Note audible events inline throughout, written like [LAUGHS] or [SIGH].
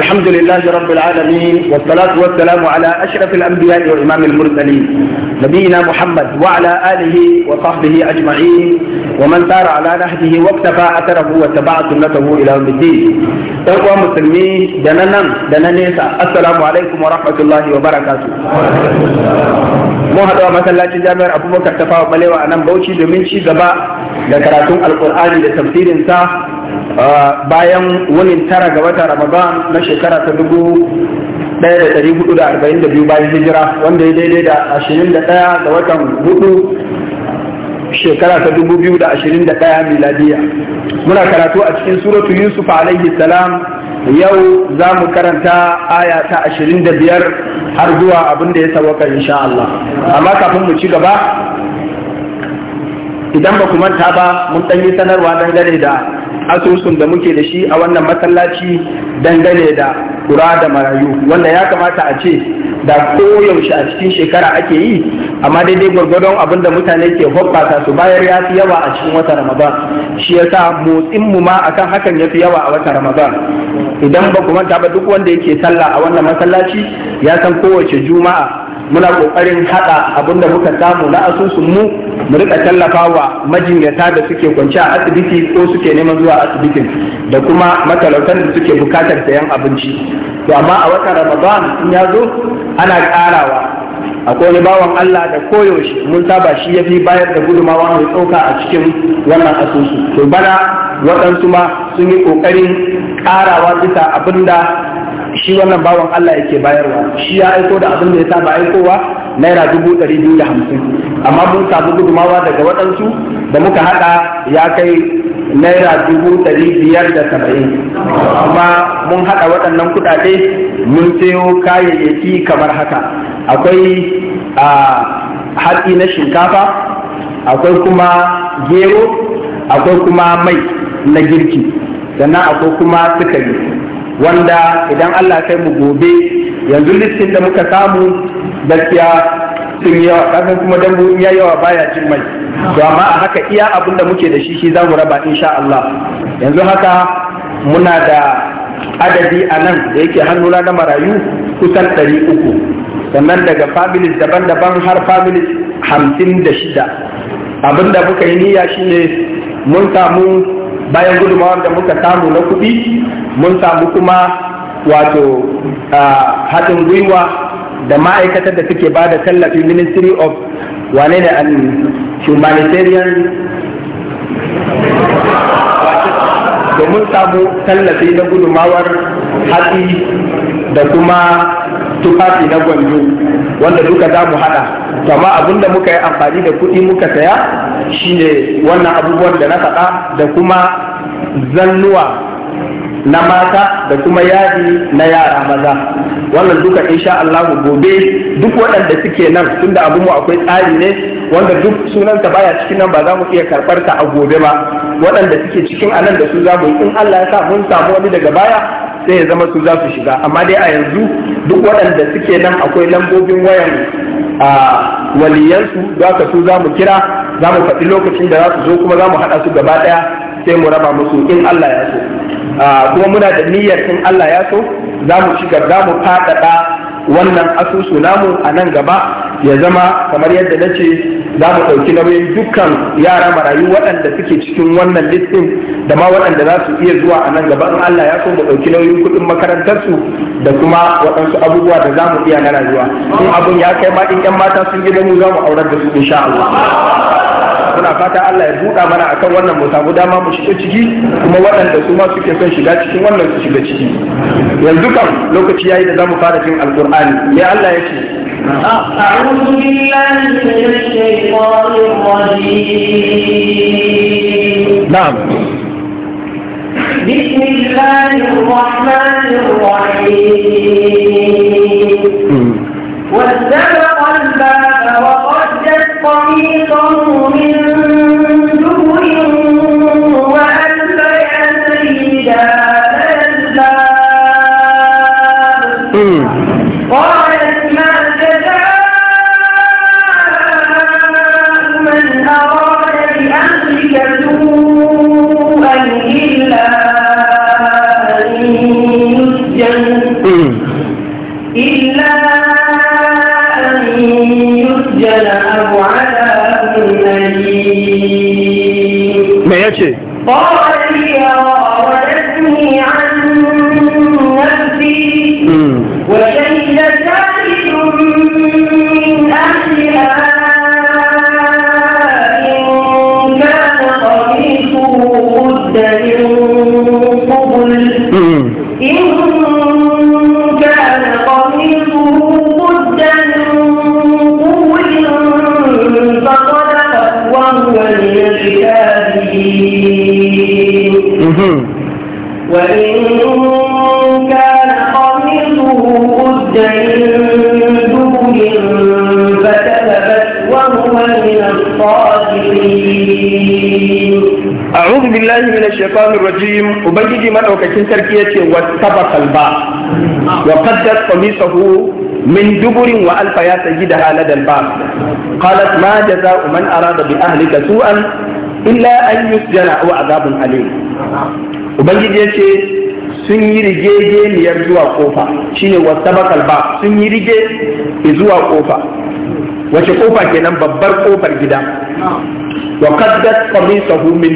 الحمد لله رب العالمين والصلاة والسلام على أشرف الأنبياء وإمام المرسلين نبينا محمد وعلى آله وصحبه أجمعين ومن سار على نهجه واكتفى أثره واتبع سنته إلى يوم الدين إخوة مسلمين دننا دننيسا السلام عليكم ورحمة الله وبركاته mun haɗuwa masallacin jami'ar abubakar tafawa balewa a nan bauchi domin ci gaba da karatun alkur'ani da tafsirinsa bayan wani tara ga wata ramadan na shekara ta dubu ɗaya da ɗari hudu da arba'in da biyu bayan hijira wanda ya daidai da ashirin da ɗaya ga watan hudu shekara ta dubu biyu da ashirin da ɗaya miladiya muna karatu a cikin suratu yusuf alaihi salam yau za mu karanta aya ta ashirin da biyar har zuwa abin da ya sawaka insha Allah amma kafin mu ci gaba idan ba ku manta ba mun ɗan yi sanarwa dangane da asusun da muke da shi a wannan masallaci dangane da kura da marayu wanda ya kamata a ce da koyaushe a cikin shekara ake yi amma daidai gwargwadon abin da mutane ke hoppata su bayar ya fi yawa a cikin watan ramadan shi yasa motsin mu ma akan hakan ya fi yawa a watan ramadan idan ba ku manta ba duk wanda yake sallah a wannan masallaci ya san kowace juma'a muna kokarin haɗa abin da muka samu na asusun mu mu rika tallafawa majinyata da suke kwance a asibiti ko suke neman zuwa asibitin da kuma matalautan da suke bukatar sayan abinci to amma a watan ramadan in ya zo ana karawa akwai wani bawan Allah da koyaushe mun saba shi ya fi bayar da gudumawa mai tsoka a cikin wannan asusu to bana waɗansu ma sun yi ƙoƙarin ƙarawa bisa abin da shi wannan bawan Allah yake bayarwa shi ya aiko da abin da ya saba aikowa naira dubu ɗari biyu da hamsin amma mun samu gudumawa daga waɗansu da muka haɗa ya kai naira dubu ɗari biyar da saba'in kuma mun haɗa waɗannan kuɗaɗe mun sayo kayayyaki kamar haka akwai a hatsi na shinkafa akwai kuma gero akwai kuma mai na girki sannan akwai kuma sukari wanda idan Allah kai mu gobe yanzu listin da muka samu gaskiya sun yawa kafin kuma dambu ya yawa baya jin mai to amma a haka iya abin da muke da shi shi zamu raba insha Allah yanzu haka muna da adadi a nan da yake hannuna na marayu kusan ɗari uku sannan daga families daban-daban har families hamsin da shida abin da muka yi niyya shine mun samu bayan gudunmawar da muka samu na kuɗi mun samu kuma wato haɗin gwiwa da ma'aikatar da suke ba da tallafi ministry of wane ne an humanitarian domin samu tallafi na gudumawar hatsi da kuma tufafi na gwanjo wanda duka za mu haɗa amma abin da muka yi amfani da kuɗi muka saya shine wannan abubuwan da na faɗa da kuma zannuwa na mata da kuma yadi na yara maza wannan duka insha Allah gobe duk waɗanda suke nan tunda abin mu akwai tsari ne wanda duk ta baya cikin nan ba za mu iya karɓar ta a gobe ba waɗanda suke cikin anan da su za mu in Allah ya sa mun samu wani daga baya sai ya zama su za su shiga amma dai a yanzu duk waɗanda suke nan akwai lambobin wayan a waliyansu za ka su za mu kira za mu faɗi lokacin da za su zo kuma za mu haɗa su gaba ɗaya sai mu raba musu in Allah ya so kuma muna da niyyar in Allah ya so za mu ci gaba mu faɗaɗa wannan asusu namu a nan gaba ya zama kamar yadda na ce za mu ɗauki nauyin dukkan yara marayu waɗanda suke cikin wannan listin da ma waɗanda za su iya zuwa a nan gaba in Allah ya so mu ɗauki nauyin kuɗin makarantarsu da kuma waɗansu abubuwa da za mu iya na rayuwa in abun ya kai ma in 'yan mata sun gida mu za mu aurar da su insha Allah. muna fata Allah ya buɗa mana akan wannan mu samu dama mu shiga ciki kuma waɗanda su ma suke son shiga cikin wannan su shiga ciki yanzu kam lokaci yayi da zamu fara jin alqur'ani ya Allah ya ce أعوذ بالله من الشيطان الرجيم نعم بسم الله الرحمن الرحيم واتبع الباب وقدت قميصه من ce madaukakin sarki yace wastabaqal ba wa qaddat qamisahu min duburin wa alfa ya da haladan ba qalat ma jazaa'u man arada bi ahlika su'an illa an yusjana aw azabun alim ubangiji yace sun yi rigegeniyar zuwa kofa shine wastabaqal ba sun yi rige zuwa kofa wace kofa kenan babbar kofar gida wa min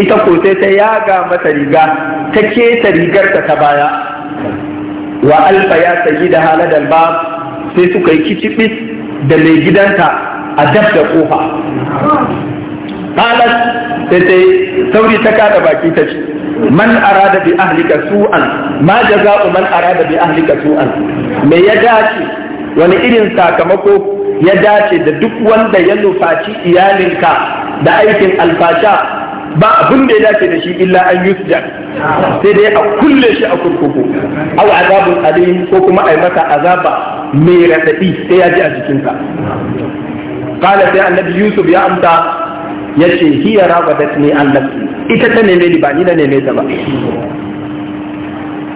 ita ko sai ta yaga mata riga ta keta rigarta ta baya wa alfa ya sayi da haladar ba sai suka yi kicibis da mai gidanta a dab da kofa qalat sai sai sauri ta kada baki ta ce man arada bi ahlika su'an ma jaza'u man arada bi ahlika su'an me ya dace wani irin sakamako ya dace da duk wanda ya nufaci iyalinka da aikin alfasha ba abin da ya dace da shi illa an yusja sai dai a kulle shi a kurkuku aw azabun alim ko kuma ai masa azaba mai radadi sai ya ji a jikinsa qala sai annabi yusuf ya amsa yace hiya rabadatni an nafsi ita ta neme ni ba ni da neme ta ba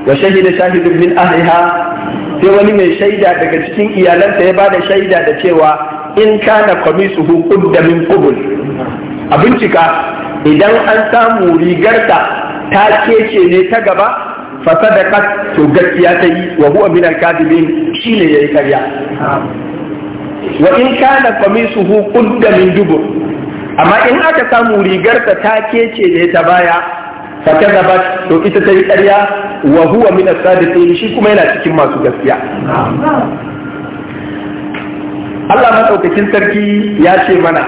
wa shahida shahidun min ahliha sai wani mai shaida daga cikin iyalansa ya ba da shaida da cewa in kana qamisuhu qudda min qubul a bincika idan an samu rigarta ta kece ne ta gaba fasadaqat to gaskiya ta yi wa huwa min al-kadibin shine yayi karya wa in kana hu, qudda min dubur amma in aka samu rigarta ta kece ne ta baya fakadabat to ita ta yi karya wa huwa min al sadiqin shi kuma yana cikin masu gaskiya Allah madaukakin sarki ya ce mana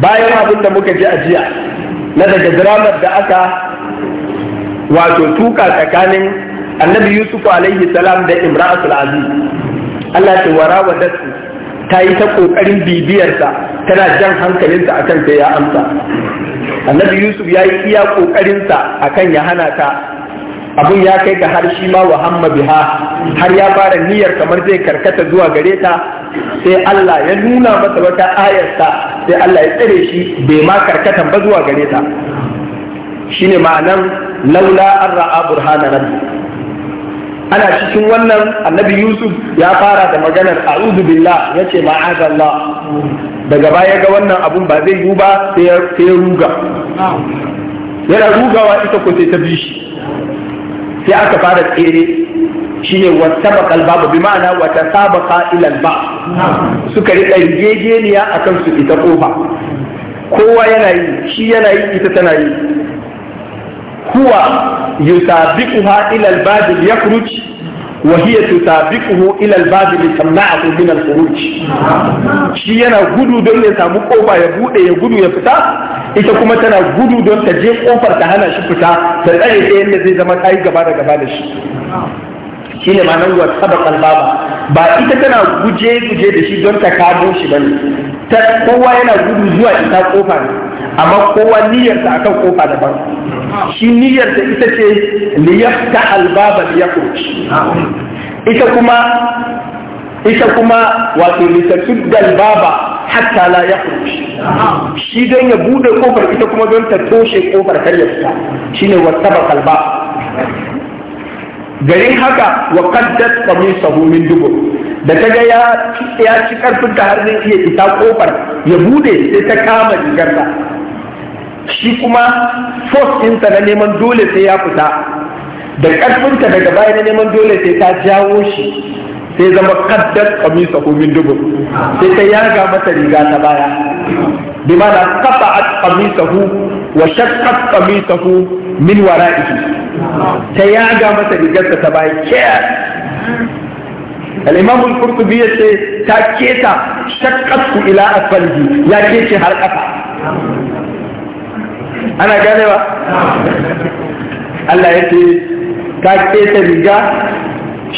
bayan abin da muka ji a jiya na daga diramar da aka wato tuka tsakanin annabi yusuf alaihi salam da imra'atul aziz Allah ce wara wa ta yi ta kokarin bibiyarsa tana jan hankalinsa akan sai ya amsa annabi yusuf ya yi iya kokarinsa akan ya hana ta abun ya kai ga har shi ma wa hamma biha har ya fara niyyar kamar zai karkata zuwa gare ta sai Allah ya nuna masa wata ayarta. sai Allah ya tsare shi bai ma karkatan ba zuwa gare ta shine ma'anan laula an ra'a burhana rabbi ana cikin wannan annabi yusuf ya fara da maganar a'udhu billah yace ma'azallah daga baya ga wannan abun ba zai yi ba sai ya ruga yana rugawa ita ko sai ta bi shi sai aka fara tsere shine wasabaqa al-bab bi ma'ana wata tasabaqa ila ba bab suka rika rigegeniya akan su ita kofa kowa yana yi shi yana yi ita tana yi huwa yusabiquha ila al-bab yakhruj وهي تسابقه إلى الباب لتمنعه من الخروج shi yana gudu don ya samu kofa ya bude ya gudu ya fita ita kuma tana gudu don ta je kofar ta hana shi fita ta tsare ta zai zama ta yi gaba da gaba da shi shine ma'anar wa sabaqal baba ba ita tana guje guje da shi don ta kamo shi bane ta kowa yana gudu zuwa ita kofa ne amma kowa niyyarsa akan kofa daban shi niyyarsa ita ce liyafta albaba liyakhruj ita kuma ita kuma wato litattud albaba hatta la yakhruj shi don ya bude kofar ita kuma don ta toshe kofar kar ya fita shine wa sabaqal baba garin haka wa qaddat qamisahu min dubu, da ta ga ya ci karfin ta har zai iya ita kofar ya bude sai ta kama ta shi kuma force ɗinsa na neman dole sai ya fita da karfinta daga baya na neman dole sai ta jawo shi sai zama kaddar kamisa min dubu sai ta yaga masa riga ta baya bi mana kafa at sahu wa shakkat sahu min wara'i ta yaga masa rigarsa ta bayi kiyar al-imam al-qurtubi yace ta keta shaqqatu ila asfalihi ya kece har kafa ana gane ba Allah ya ce ta keta riga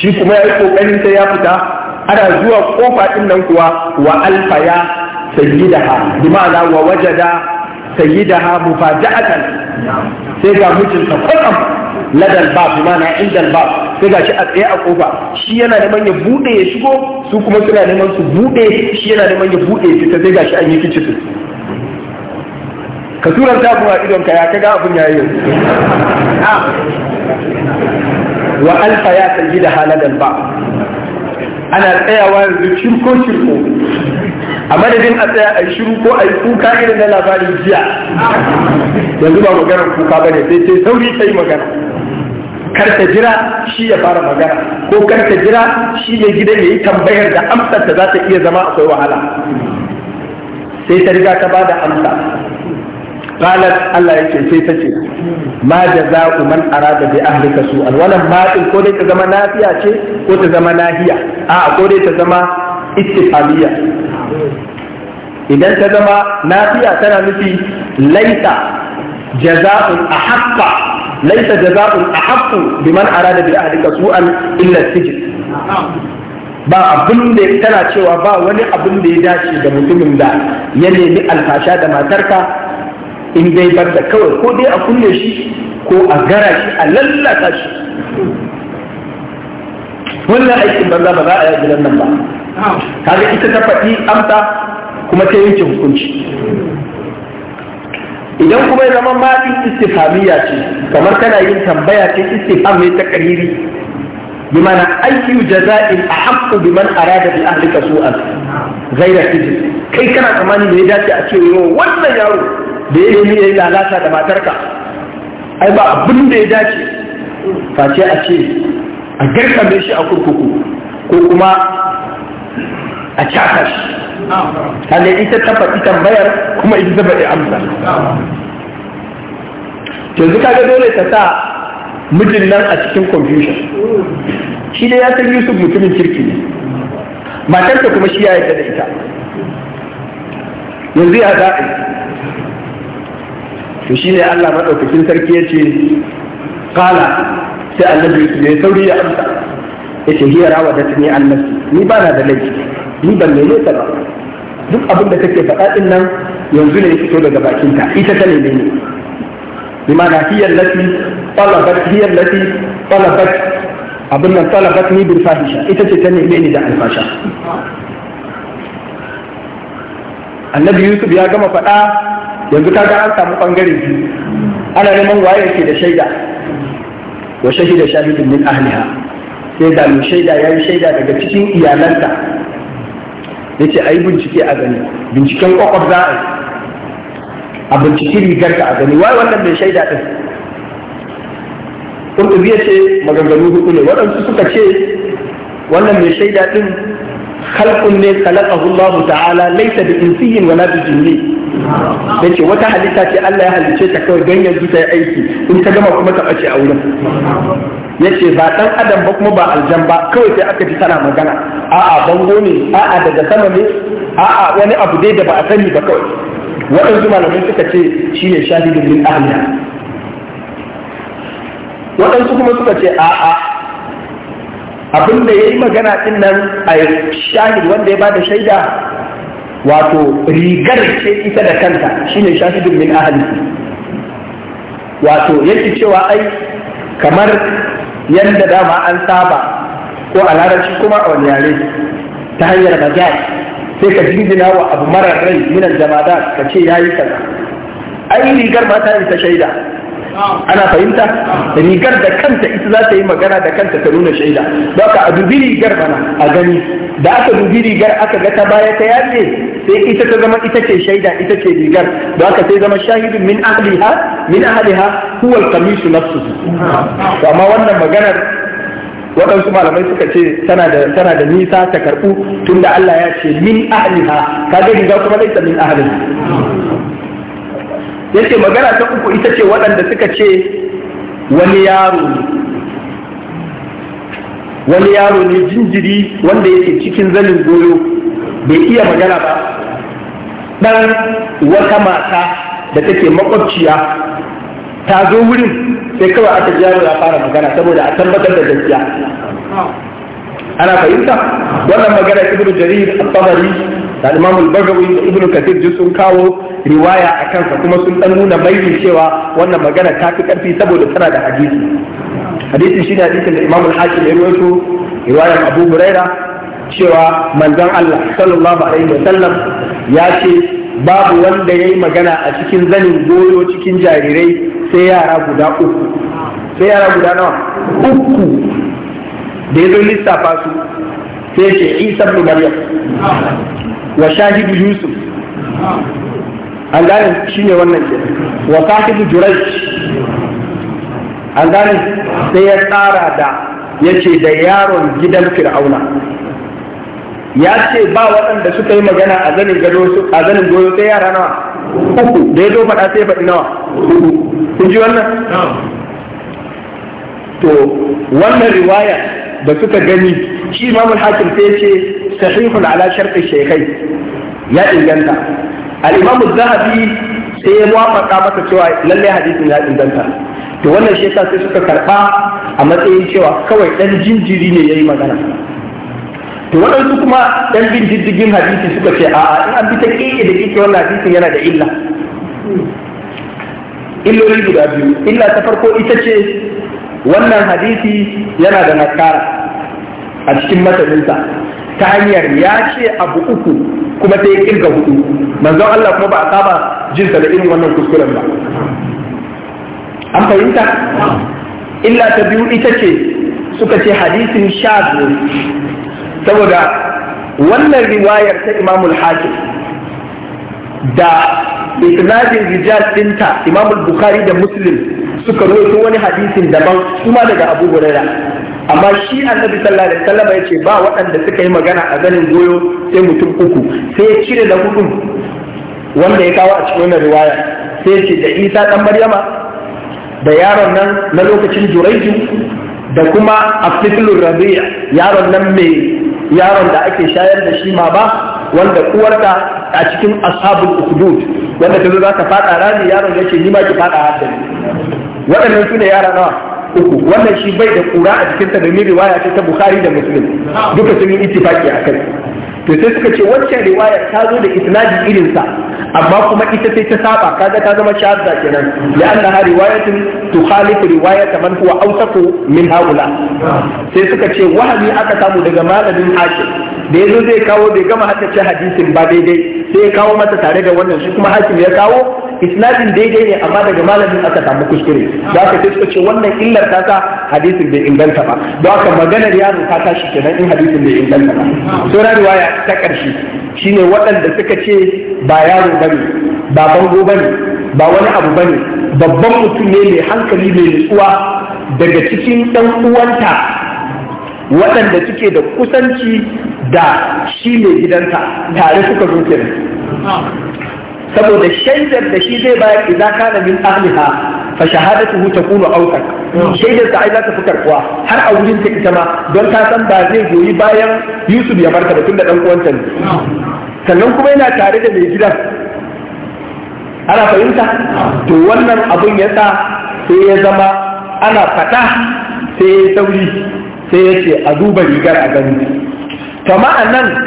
shi kuma ya yi kokarin ta ya fita ana zuwa kofa din nan kuwa wa alfa ya sayyidaha bi ma'ana wa wajada sayyidaha mufaja'atan sai ga mijinta kwatsam ladal ba bi mana indal ba sai gashi a tsaye a kofa shi yana neman ya bude ya shigo su kuma suna neman su bude shi yana neman ya bude ya fita sai gashi an yi kici ka turan ta kuma idon ka ya ga abun yayi wa alfa ya kalli da haladan ba ana tsayawa yanzu shirko shirko a madadin a tsaya a shiru ko a yi kuka irin na labarin jiya yanzu ba maganar kuka ba ne sai sai sauri ta yi magana kar ta jira shi ya fara magana ko kar ta jira shi ya gidan ya yi tambayar da amsar ta za ta iya zama akwai wahala sai ta riga ta bada amsa qalat Allah yake sai ta ce ma jaza'u man arada bi ahlika su'an wannan ma din ko dai ta zama nafiya ce ko ta zama nahiya Aa ko dai ta zama istifamiya idan ta zama nafiya tana nufi laita jaza'un ahqqa laisa jaza'un ahaqqu liman arada bi ahlika su'an illa sijn ba abin da tana cewa ba wani abin da ya dace da mutumin da ya nemi alfasha da matarka in dai da kawai ko dai a kunne shi ko a gara shi a lallata shi wannan aikin banza ba za a yi gidan nan ba kaga ita ta faɗi amsa kuma ta yanke hukunci idan kuma ya zama mafi istifhamiyya ce kamar kana yin tambaya ce istifham ne ta kariri bi mana ayyu jaza'in ahaqqu man arada bi ahlika su'an ghayra sijil kai kana tsammanin da ya dace a ce yau wannan yaro da ya nemi yayi lalata da matarka ai ba abin da ya dace face a ce a garkame shi a kurkuku ko kuma a caka shi Hali ita ta faɗi tambayar kuma ita ta faɗi amsa yanzu kaga dole ta sa mijin nan a cikin confusion shi dai ya san yusuf mutumin kirki ne matarsa kuma shi ya yi da ita yanzu ya za'a to shi ne allah maɗaukakin sarki ya ce kala sai annabi yusuf ya sauri ya amsa ya ce hiyar wa da ne annabi ni ba na da laifi riban ne neme ta ba duk abin da take faɗa ɗin nan yanzu ne fito daga bakinta ita ta neme ni bimana hiyar lati talabat hiyar lati talabat abin nan talabat ni bil fahisha ita ce ta neme ni da alfasha annabi yusuf ya gama faɗa yanzu ga an samu bangare biyu ana neman waye yake da shaida wa shahida shahidin min ahliha sai da mu shaida ya yi shaida daga cikin iyalanta ya ce a yi bincike a gani binciken kwakwaf za a yi a binciki rigar ka a gani wai wannan mai shaida ɗin kurtubi ya ce maganganu hudu ne waɗansu suka ce wannan mai shaida ɗin khalqun ne khalaqahu Allah ta'ala laysa bi insiyyin wala bi jinni yace wata halitta ce Allah ya halice ta kawai ganyen ta aiki in ta gama kuma ta bace a wurin yace ba dan adam ba kuma ba aljan ba kawai sai aka ji tana magana a'a bango ne a'a daga sama ne a'a wani abu dai da ba a sani ba kawai waɗansu malamai suka ce shi ne shahidin min ahliya waɗansu kuma suka ce a'a abin da ya yi magana din nan a shahid wanda ya ba da shaida wato rigar ce ita da kanta shi ne shahidun min ahli wato yake cewa ai kamar yadda dama an saba ko a larabci kuma a wani yare ta hanyar majal sai ka jingina wa abu marar rai minan jama'a ka ce ya yi kaza ai rigar mata ta shaida ana fahimta rigar da kanta ita za ta yi magana da kanta ta nuna shaida don ka a dubi rigar bana a gani da aka dubi rigar aka ga ta baya ta yaje sai ita ta zama ita ce shaida ita ce rigar don haka sai zama shahidin min ahliha min ahliha huwa al-qamisu nafsuhu amma wannan maganar waɗansu malamai suka ce tana da tana da nisa ta karɓu tunda Allah ya ce min ahliha kaga riga kuma laisa min ahliha yace magana ta uku ita ce waɗanda suka ce wani yaro ne wani yaro ne jinjiri wanda yake cikin zanin goyo bai iya magana ba ɗan wata mata da take makwabciya ta zo wurin sai kawai aka yaro ya fara magana saboda a tabbatar da gaskiya ana fahimta wannan magana ibnu jarir al tabari da Imam al Ibnu Ibn Kathir sun kawo riwaya a kansa kuma sun dan nuna bayyana cewa wannan magana ta fi karfi saboda tana da hadisi hadisi shi hadisin da Imam al-Hakim ya rawaito riwayar Abu Huraira cewa manzon Allah sallallahu alaihi wa sallam ya ce babu wanda ya yi magana a cikin zanin goyo cikin jarirai sai yara guda uku sai yara guda nawa uku da ya zo lissafa su sai ce isa ibn maryam wa shahidu yusuf an gane shi ne wannan ke wa sahibu jurai an gane sai ya tsara da ya ce da yaron gidan fir'auna ya ce ba waɗanda suka yi magana a zanin gado a zanin goyo sai yara nawa uku da ya zo faɗa sai faɗi nawa uku kun ji wannan to wannan riwaya da suka gani shi imamul hakim sai ce sahihun ala sharɗin shekai ya inganta al-imamu zahabi sai ya muwafaka masa cewa lallai hadisin ya inganta to wannan shi yasa sai suka karba a matsayin cewa kawai dan jinjiri ne yayi magana to su kuma dan bin diddigin hadisi suka ce a'a in an bi ta kike da kike wannan hadisin yana da illa illolin guda biyu illa ta farko ita ce wannan hadisi yana da nakara a cikin masalinsa ta hanyar ya ce abu uku kuma ta yi kirga hudu manzon Allah kuma ba a saba jin sa da irin wannan kuskuren ba an fahimta illa ta biyu ita ce suka ce hadisin sha saboda wannan riwayar ta imamul hakim da isnadin rijal dinta imamul bukhari da muslim suka rawaito wani hadisin daban kuma daga abu hurairah amma shi annabi sallallahu alaihi wasallam ya ce ba waɗanda suka yi magana a ganin goyo sai mutum uku sai ya cire da hudu wanda ya kawo a cikin wannan riwaya sai ya ce da isa dan maryama da yaron nan na lokacin juraiju da kuma aftifilur rabi'a yaron nan mai yaron da ake shayar da shi ma ba wanda uwarka a cikin ashabul ukhdud wanda ta ka fada rani yaron ya ce ni ma ki fada haddani waɗannan su ne yara nawa uku wannan shi bai da kura a da domin riwaya ce ta bukari da musulun duka sun yi ittifaki a kai to sai suka ce wancan riwayar ta zo da isnadi irinsa amma kuma ita sai ta saba kaga ta zama shahada kenan la'anna ha riwayatun tukhalifu riwayata man huwa awsaqu min haula sai suka ce wahami aka samu daga malamin hakim da yazo zai kawo bai gama haddace hadisin ba daidai sai ya kawo mata tare da wannan shi kuma hakim ya kawo islamin daidai ne amma daga malamin aka samu kuskure za ka sai ce wannan illar ta sa hadisin bai inganta ba don haka maganar yaro ta tashi kenan in hadisin bai inganta ba na riwaya ta karshe shine waɗanda suka ce ba yaro bane ba bango bane ba wani abu bane babban mutum ne mai hankali mai nutsuwa daga cikin ɗan uwanta waɗanda suke da kusanci da shi mai gidanta tare suka zo kenan saboda shaidar da shi zai bayar idan kana min ahliha fa shahadatuhu takunu awsaq shaidar ta a za ta fi karkuwa har a wurin ta ita ma don ta san ba zai goyi bayan Yusuf ya barka da tunda dan uwanta ne sannan kuma yana tare da mai gidan ana fahimta to wannan abun ya sa sai ya zama ana fata sai ya sauri sai ya ce a duba rigar a gani kama a nan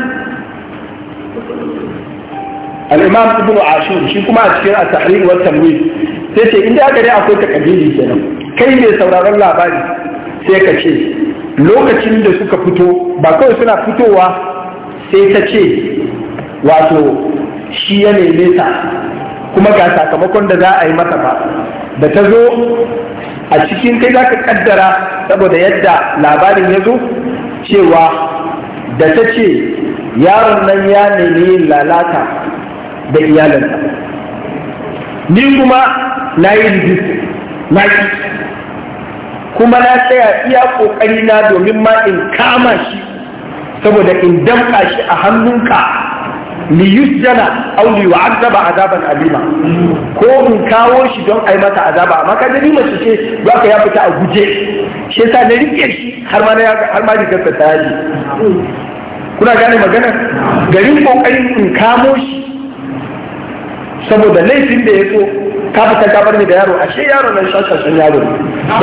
al-imam ibn ashur shi kuma a cikin at-tahrir wa tamwid sai ce inda aka dai akwai takabiri kenan kai ne sauraron labari sai ka ce lokacin da suka fito ba kawai suna fitowa sai ta ce wato shi ya neme ta kuma ga sakamakon da za a yi masa ba da ta zo a cikin kai za ka kaddara saboda yadda labarin ya zo cewa da ta ce yaron nan ya neme lalata da iyalinsa ni kuma na yi rijista na ki kuma na tsaya iya kokari na domin ma in kama shi saboda in damƙa shi a hannunka li yusjana aw li yu'azzaba azaban alima ko in kawo shi don ai mata azaba amma ka gani mace ce ba ka ya fita a guje shi yasa na rike shi har ma har ma rigar ta kuna gane magana garin kokarin in kamo shi saboda laifin da ya so ka fita gabar ne da yaro ashe yaro nan shashashan yaro ne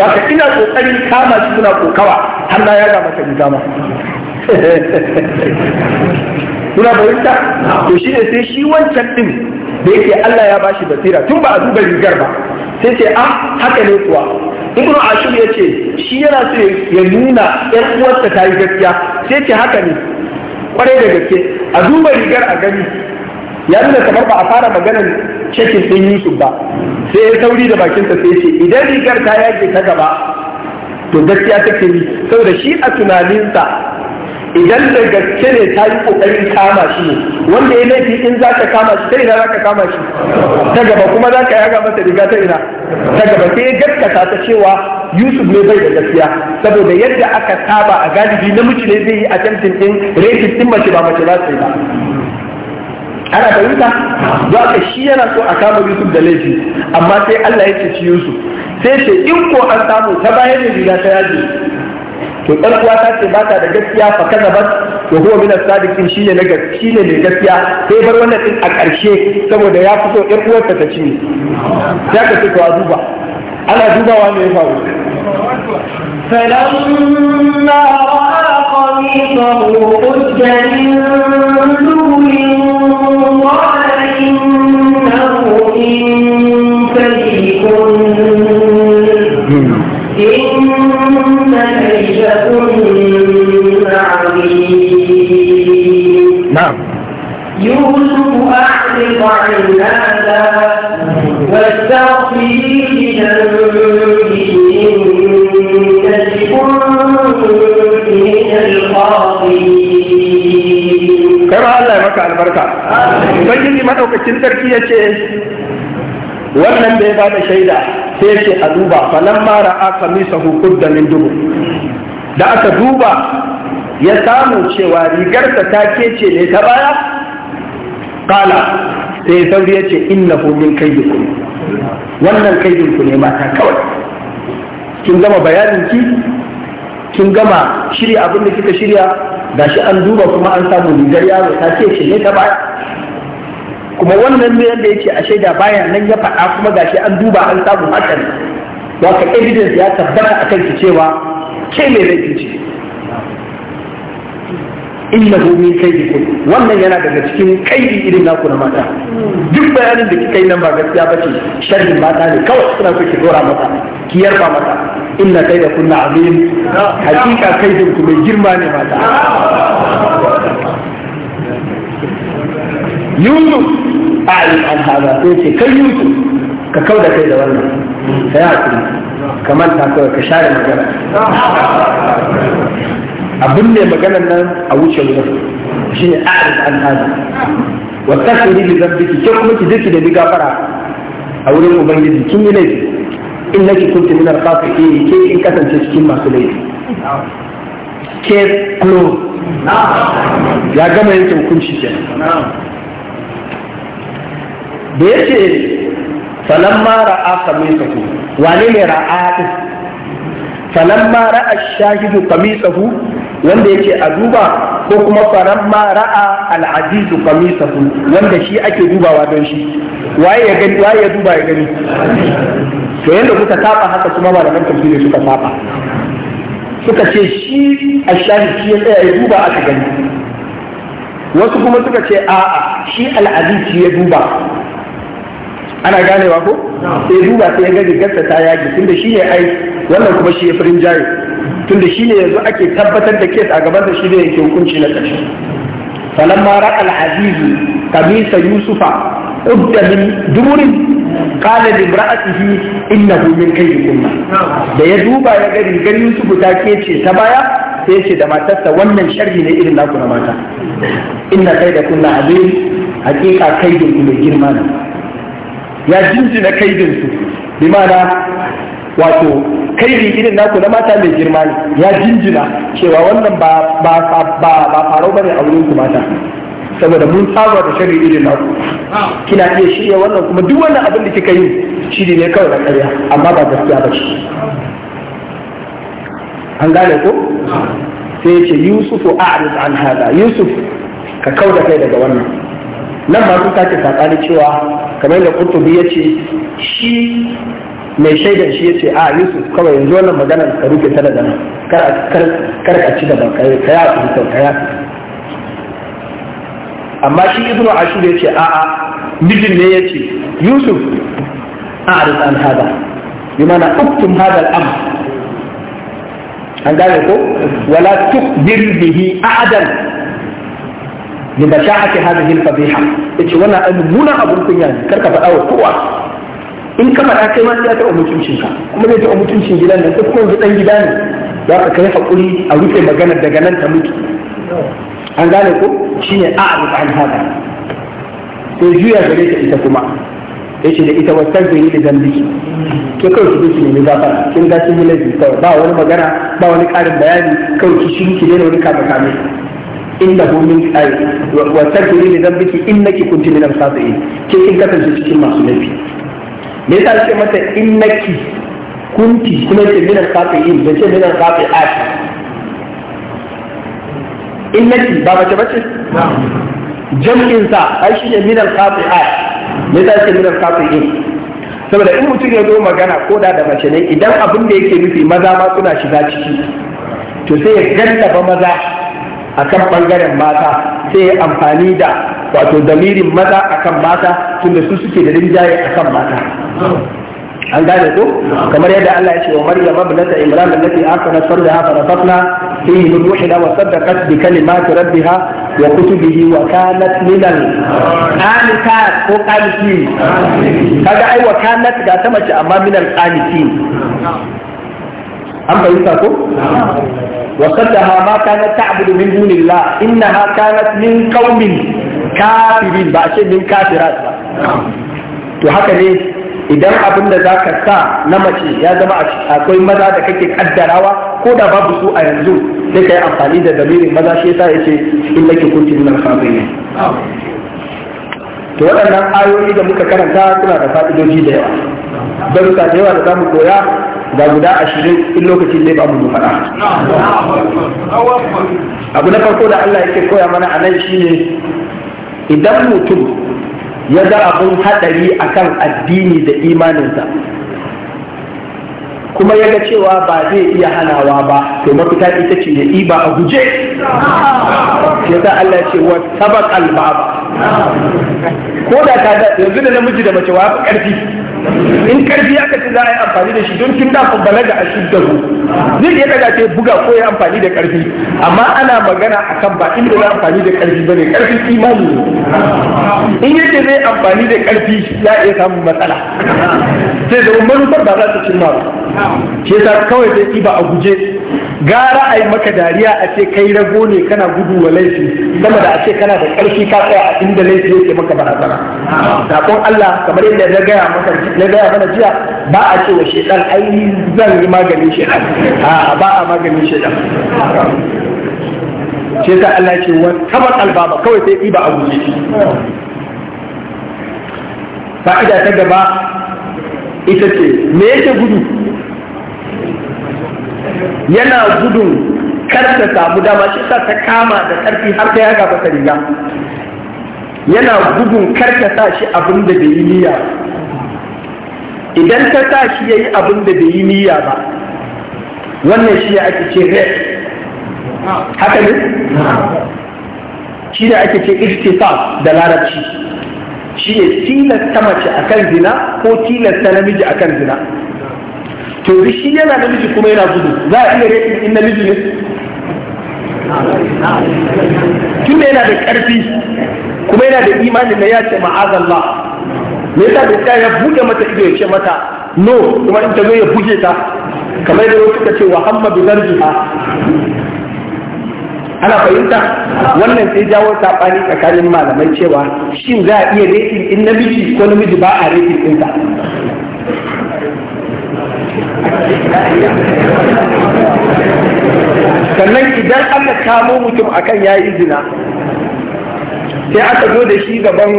da ka ina kokarin kama shi kuna kokawa har na yaga maka riga [LAUGHS] kuna fahimta to shi ne sai shi wancan din da yake Allah ya bashi basira tun ba a duba rigar ba sai ce a ah, haka ne kuwa ibnu ashur ya ce shi yana so ya nuna 'yan uwarsa ta yi gaskiya sai ce haka ne kwarai da gaske a duba rigar a gani ya nuna kamar ba a fara maganar cikin ɗin Yusuf ba sai ya sauri da bakinsa sai ce idan rigar ta yage ta gaba to gaskiya take ni saboda shi a tunaninsa idan da gaske ne ta yi kokarin kama shi ne wanda ya laifi in za ka kama shi ta ina za ka kama shi ta gaba kuma za ka yaga masa riga ta ina ta gaba sai ya gaskata ta cewa yusuf ne bai da gaskiya saboda yadda aka saba a galibi namiji ne zai yi a attempting din rashin din mace ba mace za ta yi ba ana fahimta Za ka shi yana so a kama yusuf da laifi amma sai allah ya ci yusuf sai ce in ko an samu ta bayan da riga ta yaji to ɗan uwa ta ce ba ta da gaskiya fa kaza ba to huwa min as-sadiqin shine na gaskiya ne sai bar wannan din a ƙarshe saboda ya fito ɗan uwarsa ta ci ne ya ka ce to duba ana dubawa me ya faru فلما رأى قميصه قد من na'am يوسف أعرض عن هذا واستغفري لذنبك إنك كنت من الخاطئين كما الله يبارك البركة ubangiji madaukakin sarki ya ce wannan bai ba da shaida sai ce a duba falan mara aka misa hukun da min dubu da aka duba ya samu cewa rigarsa ta kece ne ta baya kala sai sauri ya ce innahu min kayyikum wannan kayyinku ne mata kawai kin gama bayanin ki kin gama shirya abin da kika shirya gashi an duba kuma an samu rigar yaro ta ce ne ta baya kuma wannan ne yadda yake a shaida baya nan ya faɗa kuma gashi an duba an samu hakan waka evidence ya tabbata akan ki cewa ke mai laifi ce Inna innahu min kaydikum wannan yana daga cikin kaidi irin naku na mata duk bayanin da kika yi nan ba gaskiya bace sharhin mata ne kawai suna so ki dora mata ki yarba mata inna kaydakum azim hakika kaidin ku mai girma ne mata yusuf a'lam an hada sai ce kai yusuf ka kauda kai da wannan sai hakuri kamar ta kawai ka share magana abin ne maganar nan a wuce wurin shi ne a'arif an hada wa tasiri bi zambiki ke kuma ki ziki da gafara a wurin ubangiji kin yi laifi in nake kunti min al-qafi ke in kasance cikin masu laifi ke close ya gama yanke hukunci ke da yace falamma ra'a kamisa wane ne ra'a ma ra'a shahidu qamisahu wanda yake a duba ko kuma faran ma ra'a al-aziz qamisahu wanda shi ake dubawa don shi waye ya gani waye ya duba ya gani to yanda kuka saba haka kuma ba da malaman tafsiri suka saba suka ce shi ashahid shi ya tsaya ya duba aka gani wasu kuma suka ce a'a shi al-aziz shi ya duba ana ganewa ko sai duba sai ya gani gaskata ya ji tunda shi ne ai wannan kuma shi ya firin jari tunda shi ne yanzu ake tabbatar da kes a gaban da shi ne yake hukunci na ƙarshe falamma kamisa yusufa udda min durin kala da imra'atihi innahu min kaydi umma da ya duba ya ga rigar Yusuf ta kece ta baya sai ce da matarsa wannan sharhi ne irin naku na mata inna kayda kunna azim hakika kai ku mai girma ne ya jinjina kaidin su bi ma'ana wato kairi irin naku na mata mai girma ne ya jinjina cewa wannan ba ba ba ba bane a wurin ku mata saboda mun saba da shari'a irin naku kina iya shirya wannan kuma duk wannan abin da kika yi shiri ne kawai na ƙarya amma ba gaskiya ba shi an gane ko sai ce yusufu a'rid an hada yusuf ka kauda kai daga wannan nan ma sun sake sakani cewa kamar da kurtubi ya ce shi mai shaidan shi ya ce a yusuf kawai yanzu wannan maganar ka rufe ta daga nan kar a ci gaba ka yi ka yafi ka yafi amma shi ibnu ashur ya ce a'a mijin ne ya ce yusuf a arzikan hada bi mana uktum hada al'am an gane ko wala tukbir bihi ahadan li basha'ati hadhihi al-fadiha yace wannan almuna abun kunya ne karka faɗa wa kowa in ka faɗa kai ma sai ta mutuncin ka kuma zai ta mutuncin gidan nan duk kuma dan gida ne za ka kai hakuri a rufe magana daga nan ta mutu an gane ko shine a'rif an hada sai juya gare ta ita kuma yace da ita wata gari da zambi ne kin ga kin yi ba wani magana ba wani karin bayani kawai ki shiru ki daina wani kama innahu min ay wa takfiri li dhanbiki innaki kunti min al-khati'in ke kin kasance cikin masu laifi me yasa ce mata innaki kunti kuma ce min al-khati'in da ce min In na innaki ba mace bace jam'in sa ai shine min al-khati'at me sa ce minan al-khati'in saboda in mutum ya zo magana ko da da mace ne idan abin da yake nufi maza ma suna shiga ciki to sai ya ba maza akan bangaren mata sai ya amfani da wato damirin maza akan mata tunda su suke da rinjaye akan mata an gane ko kamar yadda Allah ya ce wa Maryam ibnata Imran allati akanat farjaha fa nafatna fihi min ruhina wa saddaqat bi kalimati rabbiha wa kutubihi wa kanat min al qanitat ko qanitin kaga ai wa kanat ga ta mace amma min al qanitin an bayyana ko وصدها ما كانت تعبد من دون الله إنها كانت من قوم كافرين بأشي من كافرات ne idan abin da za ka sa na mace ya zama akwai maza da kake kaddarawa ko da babu su a yanzu sai ka yi amfani da dalilin maza shi yasa yace in nake kunti min al-khabirin to waɗannan ayoyi da muka karanta suna da fa'idoji da yawa darussa da yawa da zamu koya ga guda ashirin in lokacin zai ba mu faɗa abu na farko da Allah yake koya mana a nan shi ne idan mutum ya ga abun haɗari kan addini da imaninsa kuma ya ga cewa ba zai iya hanawa ba to mafita ita ce ya iba a guje ya sa Allah ce wa sabaq albaba ko da ka yanzu da namiji da mace wa fi ƙarfi in karfi aka ce za a yi amfani da shi don kin da ku balaga a shiddahu zai iya daga ce buga ko ya amfani da karfi amma ana magana akan ba inda za amfani da karfi bane karfi imani ne in yake zai amfani da karfi ya iya samun matsala sai da manufar ba za ta cimma ba ke ta kawai zai ba a guje gara a yi maka dariya a ce kai rago ne kana gudu wa laifi sama da a ce kana da ƙarfi ka tsaya a inda laifi yake maka barazana sakon Allah kamar yadda na gaya maka na gaya mana jiya ba a ce wa shedan ai zan yi maganin shedan a ba a maganin shedan ce ta Allah ce wa Kamar albaba kawai sai iba a guje fa'ida ta gaba ita ce me yake gudu yana gudun kar ta samu dama shi sa ta kama da karfi har ta yaga masa riga yana gudun kar ta sa shi abin da bai yi niyya idan ta sa shi yayi abin da bai yi niyya ba wannan shi ya ake ce rek haka ne shi da ake ce ihtisab da larabci shi ne tilasta mace akan zina ko tilasta namiji akan zina to duk shi yana da miji kuma yana gudu za a iya rekin in namiji ne tun yana da ƙarfi kuma yana da imanin na ya ce ma'azallah me yasa ya ya buɗe mata ido ya ce mata no kuma in ta zo ya buge ta kamar da suka ce wa hamma bi ha? ana fahimta wannan sai jawo sabani tsakanin malamai cewa shin za a iya rekin in namiji ko namiji ba a rekin sannan idan aka kamo mutum akan ya yi zina sai aka zo da shi gaban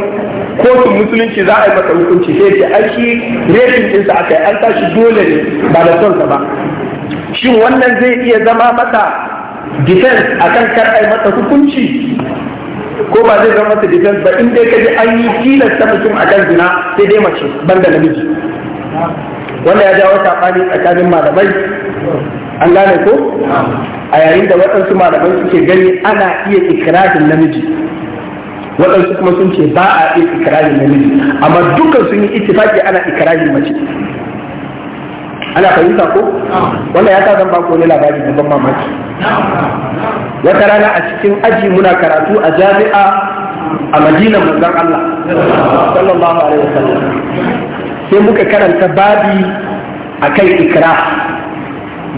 kotun musulunci za a yi masa hukunci sai ce an shi rafin ɗinsa aka yi an tashi dole ne ba da sonsa ba shin wannan zai iya zama masa defense akan kar a yi masa hukunci ko ba zai zama masa defense ba in dai ka ji an yi tilasta mutum akan zina sai dai mace ban da namiji wanda ya jawo saɓani tsakanin malamai an gane ko a yayin da waɗansu malamai suke gani ana iya ikirarin namiji waɗansu kuma sun ce ba a iya ikirarin namiji amma dukkan sun yi ittifaki ana ikirarin mace ana fahimta ko wannan ya sa zan ba ko ne labari da ban mamaki wata rana a cikin aji muna karatu a jami'a a madinan manzon Allah sallallahu alaihi wasallam sai muka karanta babi a kan ikra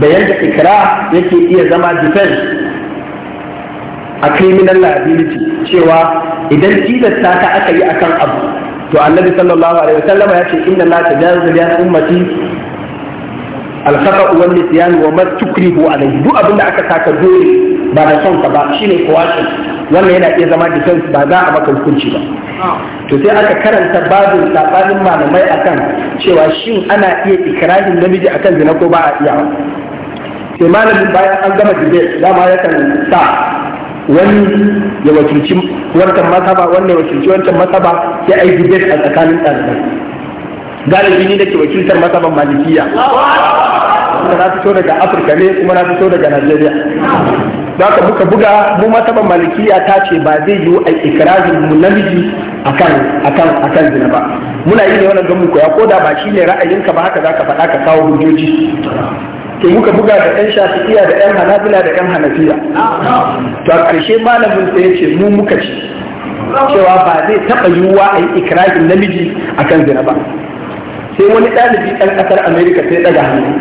da yadda ikra yake iya zama defense a criminal liability cewa idan tilasta ta aka yi akan abu to annabi sallallahu alaihi wasallama ya ce inna la tajawaza li ummati alkhata wal nisyan wa ma tukrihu alayhi duk abin da aka saka dole ba da son ka ba shine kawai wannan yana iya zama defense ba za a maka hukunci ba to sai aka karanta babin sabanin malamai akan cewa shin ana iya ikrarin namiji akan zina ko ba a iya sai malamin bayan an gama debate dama yakan sa wani ya wakilci wancan masaba wannan ya wakilci wancan masaba sai ai debate a tsakanin ɗalibai galibi da ke wakiltar masaban malikiya kuma na fito daga afirka ne kuma na fito daga najeriya da ka muka buga mu masaban malikiya ta ce ba zai yiwu a ikirarin mu namiji akan akan akan zina ba muna yi ne wannan don mu koya ko da ba shine ra'ayinka ba haka zaka faɗa ka kawo hujjoji to muka buga da ɗan shafi'iya da ɗan hanabila da ɗan hanafiya to a ƙarshe malamin sai ya ce mu muka ci cewa ba zai taɓa yiwuwa a yi ikirarin namiji akan zina ba sai wani ɗalibi ɗan ƙasar amerika sai ɗaga hannu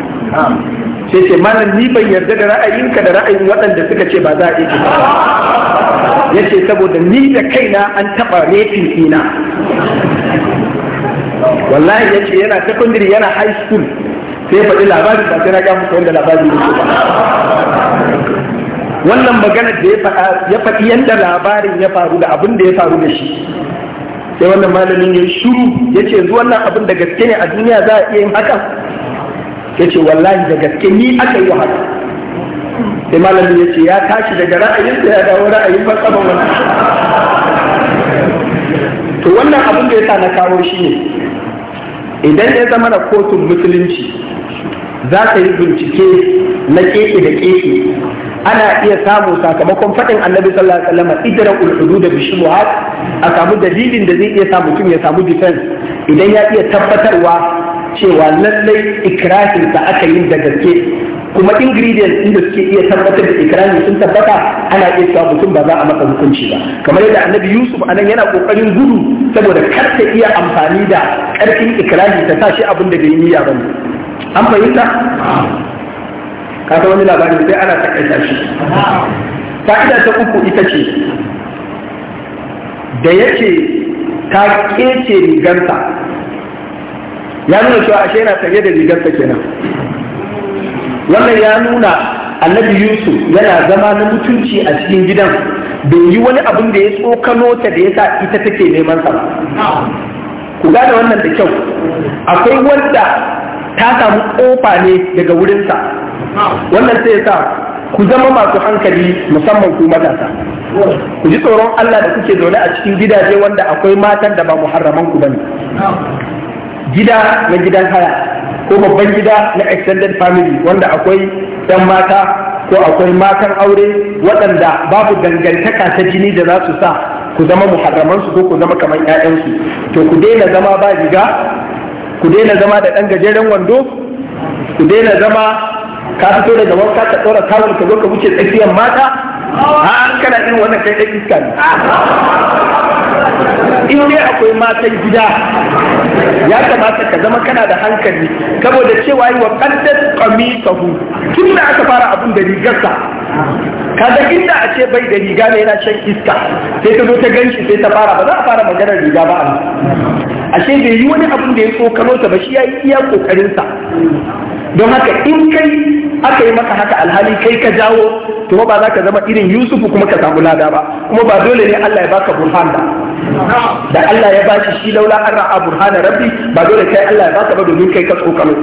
sai ce malam ni ban yarda da ra'ayinka da ra'ayin waɗanda suka ce ba za a iya ya ce saboda ni da kaina an taɓa refin ina wallahi ya ce yana secondary yana high school sai faɗi labari ba sai na ga muku wanda labari ne ba wannan magana da ya faɗi yadda labarin ya faru da abin da ya faru da shi sai wannan malamin ya shuru ya ce yanzu wannan abin da gaske ne a duniya za a iya yin haka ya ce wallahi da gaske ni aka yi wa haka sai malamin ya ce ya tashi daga ra'ayinsa ya dawo ra'ayin fasaban wannan to wannan abin da ya sa na kawo shi ne idan ya zama na kotun musulunci za ta yi bincike na keke da keke ana iya samu sakamakon faɗin annabi sallallahu alaihi wasallam idra da bishi a samu dalilin da zai iya sa mutum ya samu defense idan ya iya tabbatarwa cewa lallai ikrahin da aka yi da gaske kuma ingredients da suke iya tabbatar da ikrahin sun tabbata ana iya cewa mutum ba za a masa hukunci ba kamar yadda annabi yusuf anan yana kokarin gudu saboda kar ta iya amfani da karfin ikrahin ta sa shi abin da bai niyya bane an fahimta Ka ta wani labari sai ana takaita shi fa'ida ta uku ita ce da yake ta kece riganta ya nuna cewa ashe yana sanye da rigarsa kenan wannan ya nuna annabi yusuf yana zama na mutunci a cikin gidan bai yi wani abin da ya tsokano ta da ya sa ita take neman sa ku gane wannan da kyau akwai wanda ta samu kofa ne daga wurinsa wannan sai sa ku zama masu hankali musamman ku matasa ku ji tsoron Allah da kuke zaune a cikin gidaje wanda akwai matan da ba muharraman ku bane gida na gidan haya ko babban gida na extended family wanda akwai ɗan mata ko akwai matan aure waɗanda babu dangantaka ta jini da za su sa ku zama muharraman ko ku zama kamar 'ya'yansu to ku daina zama ba riga ku daina zama da ɗan gajeren wando ku daina zama ka fito daga wanka ka ɗora tawul ka zo ka wuce tsakiyar mata har kana irin wannan kai ɗan iska ne in dai akwai matan gida ya kamata ka zama kana da hankali saboda cewa yi wa kaddat hu, tun da aka fara abin da rigarsa kaga inda a ce bai da riga ne yana shan iska sai ta zo ta ganshi sai ta fara ba za a fara maganar riga ba ashe bai yi wani abun da ya tsokano ta ba shi ya yi iya kokarinsa don haka in kai aka yi maka haka alhali kai ka jawo to ba za ka zama irin yusufu kuma ka samu lada ba kuma ba dole ne Allah ya baka burhan ba da Allah ya bashi shi laula an ra'a burhana rabbi ba dole kai Allah ya baka ba domin kai ka tsokano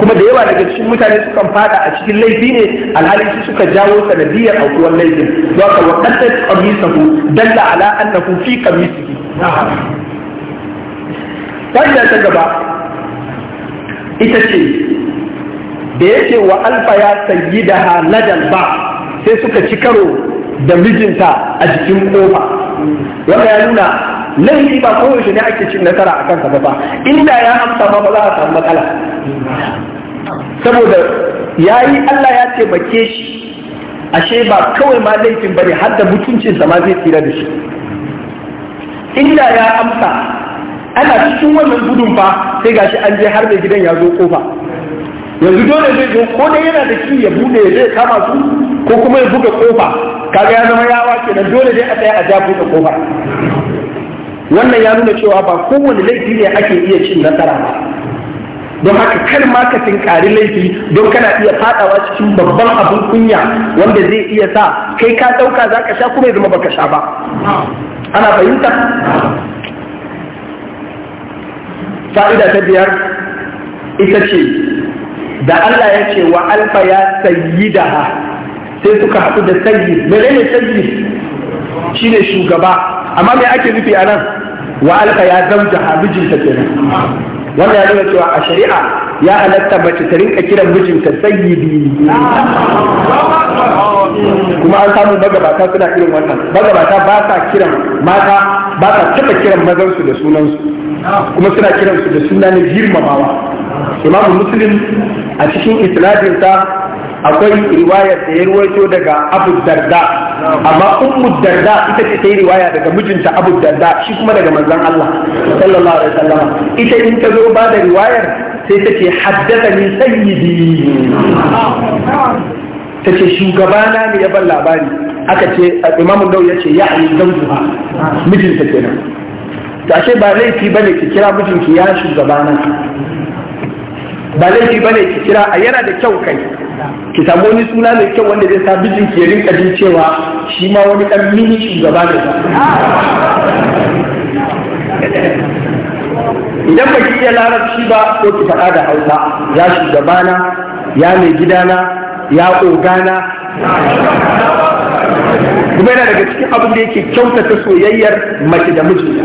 kuma da yawa daga cikin mutane sukan fada a cikin laifi ne alhali su suka jawo sanadiyar aukuwar laifin Za ka waqatat qamisahu dalla ala annahu fi qamisihi wannan ta gaba ita ce da yake wa alfa ya da nadal ba sai suka ci karo da mijinta a jikin kofa wanda ya nuna laifi ba koyaushe ne ake cin nasara a kansa ba inda ya amsa ba ba za a samu matsala saboda ya yi Allah ya taimake shi ashe ba kawai ma laifin ne har da mutuncinsa ma zai tsira da shi inda ya amsa ana cikin wannan gudun fa sai gashi an je har da gidan ya zo kofa yanzu dole zai zo ko dai yana da ki ya bude ya zai kama su ko kuma ya buga kofa kaga ya zama yawa kenan dole dai a tsaya a ja buga kofa wannan ya nuna cewa ba kowane laifi ne ake iya cin nasara ba don haka kar ma ka laifi don kana iya faɗawa cikin babban abin kunya wanda zai iya sa kai ka ɗauka za ka sha kuma ya zama baka sha ba ana fahimta fa'ida ta biyar ita ce da Allah ya ce wa alfa ya sayyidaha sai suka haɗu da ne menene shi ne shugaba amma me ake nufi a nan wa alfa ya zamta mijinta kenan wannan ya nuna cewa a shari'a ya halatta mace ta rinka kiran mijinta sayyidi kuma an samu magabata suna irin wannan magabata ba sa kiran mata ba sa taɓa kiran mazansu da sunansu kuma suna kiransu da suna na girmamawa imamu muslim a cikin isnadinsa akwai riwayar da ya ruwaito daga abu darda amma ummu darda ita ce ta yi riwaya daga mijinta abu darda shi kuma daga manzon Allah sallallahu alaihi wasallam ita in ta zo ba da riwayar sai ta ce haddasa ni sayyidi ta ce shugabana ne ya ban labari aka ce imamun dau ya ce ya ali zaujuha mijinta kenan ta ce ba laifi bane ki kira mijinki ya shugabana ba laifi ba ne ki kira a yana da kyau kai ki samu wani suna mai kyau wanda zai sa bijin ki rinka jin cewa shi ma wani dan mini shugaba ne idan ba ki iya larabci ba ko ki faɗa da hausa ya shugabana ya mai gidana ya ogana kuma yana daga cikin abin da yake kyautata soyayyar mace da mijinta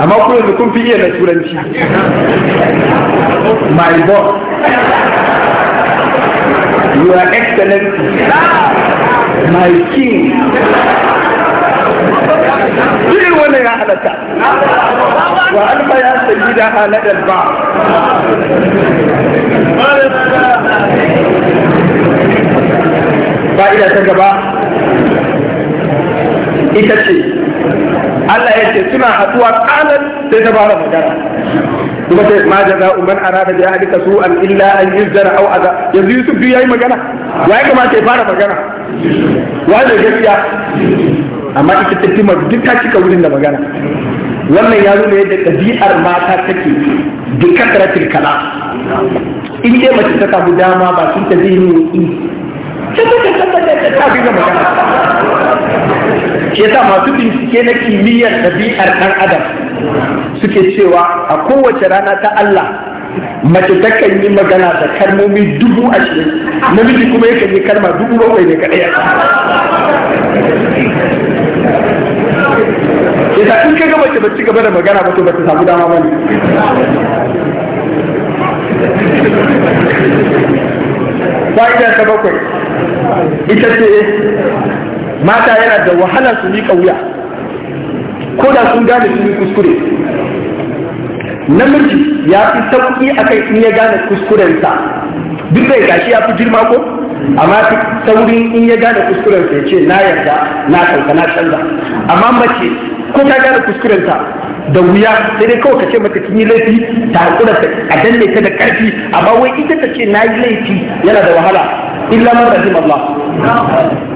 amma ku yanzu kun fi iya na turanci my boss your excellency my king irin wannan ya halatta wa alfa ya sayi da halatar ba fa'ida ta gaba ita ce Allah ya ce suna haduwa kalan sai ta fara magana kuma sai ma jaza umman arada bi ahlika an illa an yuzara aw aza yanzu Yusuf ya yi magana wa ya kamata ya fara magana wa da gaskiya amma ita ta timar duk ta cika wurin da magana wannan ya nuna yadda ɗabi'ar mata take bi kasratil kala in dai mace ta samu dama ba sun ta zai ne in ta ta ta ta ta ta ta ta ta shi yasa masu bincike na kimiyyar ɗabi'ar ɗan adam suke cewa a kowace rana ta Allah mace takan yi magana da kalmomi dubu ashirin namiji kuma yakan yi kalma dubu bakwai ne kaɗai yasa in ka gaba ba ci gaba da magana ba to ba ta samu dama ba ne fa'ida ta bakwai ita ce mata yana da wahala su miƙa wuya ko da sun gane sun yi kuskure namiji ya fi sauƙi kai in ya gane kuskurensa duk da gashi ya fi girma ko amma fi saurin in ya gane kuskurensa ya ce na yarda na kanka na canza amma mace ko ta gane kuskurenta da wuya sai dai kawai ka ce mata kin yi laifi ta hakura ta a danne ta da karfi amma wai ita ta ce na yi laifi yana da wahala illa man rahim Allah